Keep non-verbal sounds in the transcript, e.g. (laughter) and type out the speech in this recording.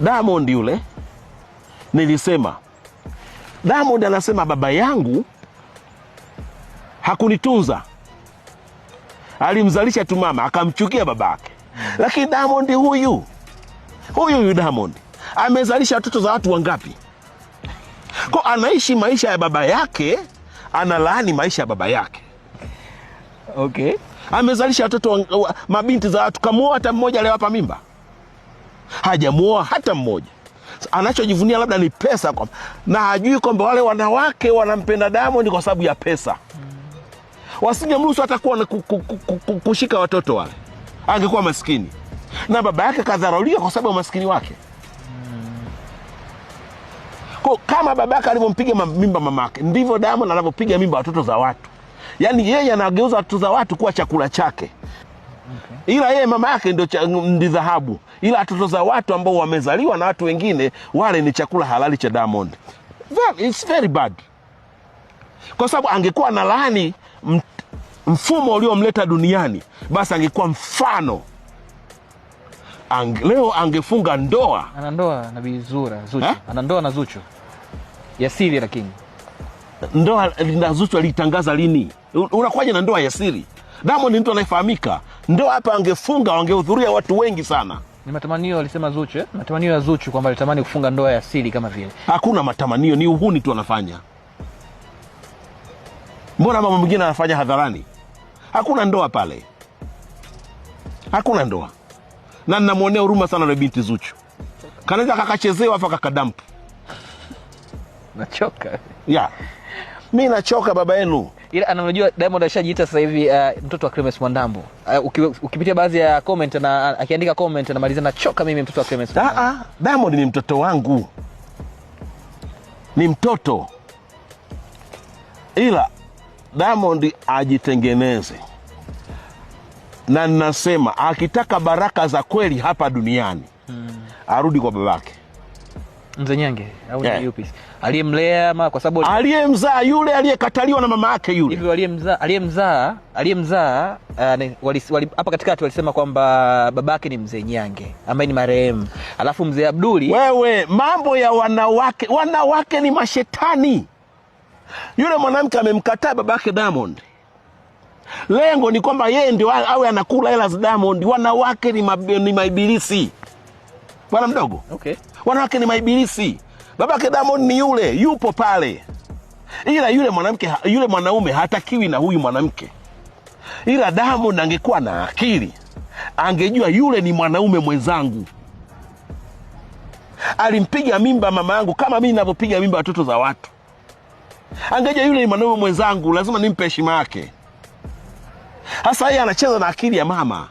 Diamond yule nilisema, Diamond anasema baba yangu hakunitunza, alimzalisha tu mama, akamchukia babake. Lakini Diamond huyu huyu huyu Diamond amezalisha watoto za watu wangapi? Kwa anaishi maisha ya baba yake, analaani maisha ya baba yake. Okay, amezalisha watoto, mabinti za watu, kamuoa hata mmoja aliyewapa mimba hajamuoa hata mmoja. Anachojivunia labda ni pesa kwa, na hajui kwamba wale wanawake wanampenda ni kwa sababu ya pesa. Wasingemruhusu hata kuwa kushika watoto wale, angekuwa maskini na baba yake kadharauliwa kwa sababu ya umaskini wake. ko kama baba yake alivyompiga mimba mama yake, ndivyo Diamond anavyopiga mimba watoto za watu. Yaani yeye anageuza watoto za watu kuwa chakula chake okay. Ila yeye mama yake ndi dhahabu, ila watoto za watu ambao wamezaliwa na watu wengine, wale ni chakula halali cha Diamond. Very, it's very bad, kwa sababu angekuwa na laani mfumo uliomleta duniani, basi angekuwa mfano Ange, leo angefunga ndoa, ana ndoa na Bi Zura Zuchu, eh? ana ndoa na Zuchu ya siri, lakini ndoa na Zuchu alitangaza lini? Unakuwaje na ndoa ya siri? Diamond ni mtu anayefahamika, ndo hapa wangefunga, wangehudhuria watu wengi sana. Ni matamanio alisema Zuchu eh? Matamanio ya Zuchu kwamba alitamani kufunga ndoa ya asili kama vile. Hakuna matamanio, ni uhuni tu anafanya. Mbona mambo mengine anafanya hadharani? Hakuna ndoa pale, hakuna ndoa, na ninamwonea huruma sana na binti Zuchu, kanaweza kakachezewa afu kakadampu. (laughs) Nachoka ya mi nachoka baba yenu. Ila anajua Diamond ashajiita sasa hivi uh, mtoto wa clemens Mwandambo. Uh, uki, ukipitia baadhi ya comment na akiandika comment na maliza nachoka mimi mtoto wa clemens ah, Da-a, ah, Diamond ni mtoto wangu, ni mtoto ila Diamond ajitengeneze, na ninasema akitaka baraka za kweli hapa duniani hmm, arudi kwa babake. Nzenyange au yeah. Yupi aliyemlea ama kwa sababu aliyemzaa yule aliyekataliwa na mama yake yule, hivyo aliyemzaa aliyemzaa aliyemzaa ah, hapa katikati walisema kwamba babake ni mzee Nyange ambaye ni marehemu, alafu mzee Abduli. Wewe mambo ya wanawake, wanawake ni mashetani. Yule mwanamke amemkataa babake Diamond, lengo ni kwamba yeye ndio awe anakula hela za Diamond. Wanawake ni, ma, ni maibilisi bwana mdogo. Okay. Wanawake ni maibilisi. Babake damon ni yule, yupo pale, ila yule mwanamke, yule mwanaume hatakiwi na huyu mwanamke, ila damon angekuwa na akili angejua yule ni mwanaume mwenzangu. Alimpiga mimba mama yangu kama mimi ninavyopiga mimba watoto za watu. Angejua yule ni mwanaume mwenzangu, lazima nimpe heshima yake. Hasa yeye anacheza na akili ya mama.